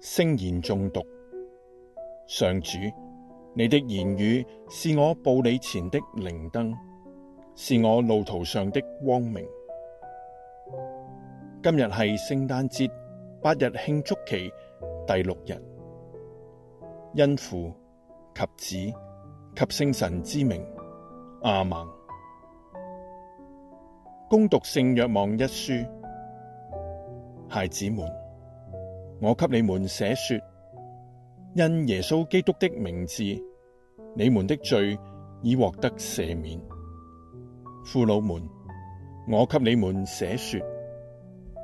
聖言誦讀。上主，你的言語是我步履前的靈燈，是我路途上的光明。今日係聖誕節八日慶祝期第六日，因父及子及聖神之名，阿們。恭讀聖若望一書，孩子們。我給你們寫說，因耶穌基督的名字，你們的罪已獲得赦免。父老們，我給你們寫說，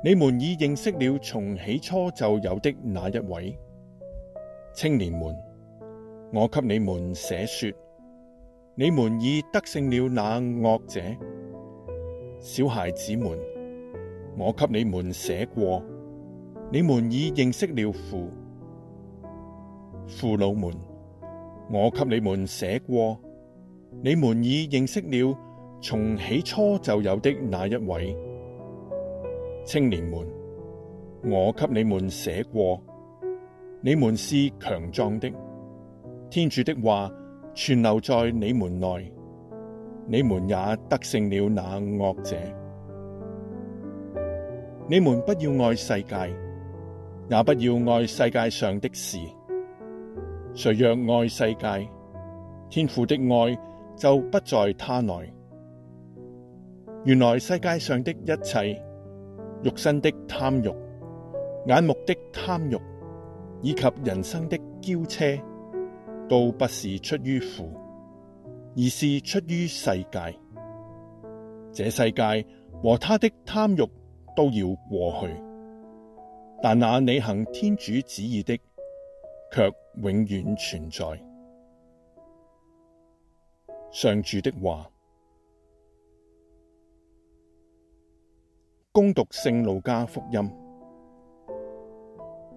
你們已認識了從起初就有的那一位。青年們，我給你們寫說，你們已得勝了那惡者。小孩子們，我給你們寫過。你們已認識了父。父老們，我給你們寫過。你們已認識了從起初就有的那一位。青年們，我給你們寫過。你們是強壯的，天主的話存留在你們內，你們也得勝了那惡者。你們不要愛世界。也不要愛世界上的事，誰若愛世界，天父的愛就不在他內。原來世界上的一切，肉身的貪慾、眼目的貪慾，以及人生的驕奢，都不是出於父，而是出於世界。這世界和他的貪慾都要過去。但那履行天主旨意的，卻永遠存在。上主的話。恭讀聖路加福音，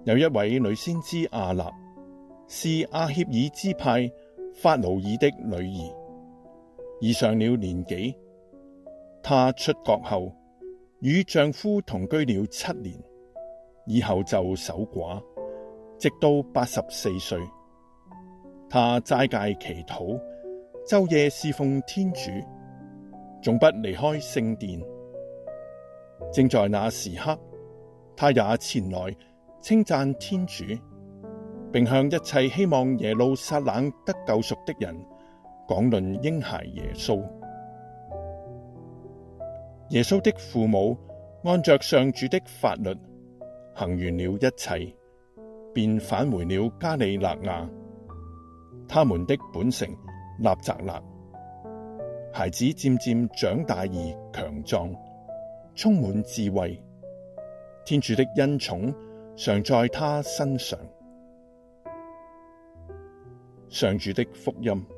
有一位女先知亞納，是阿協爾支派法奴耳的女兒，已上了年紀。她出閣後，與丈夫同居了七年。以後就守寡，直到八十四歲。她齋戒祈禱，晝夜侍奉天主，總不離開聖殿。正在那時刻，她也前來稱讚天主，並向一切希望耶路撒冷得救贖的人，講論嬰孩耶穌。耶穌的父母按着上主的法律。行完了一切，便返回了加里肋亞，他們的本城納匝肋。孩子漸漸長大而強壯，充滿智慧，天主的恩寵常在他身上。上主的福音。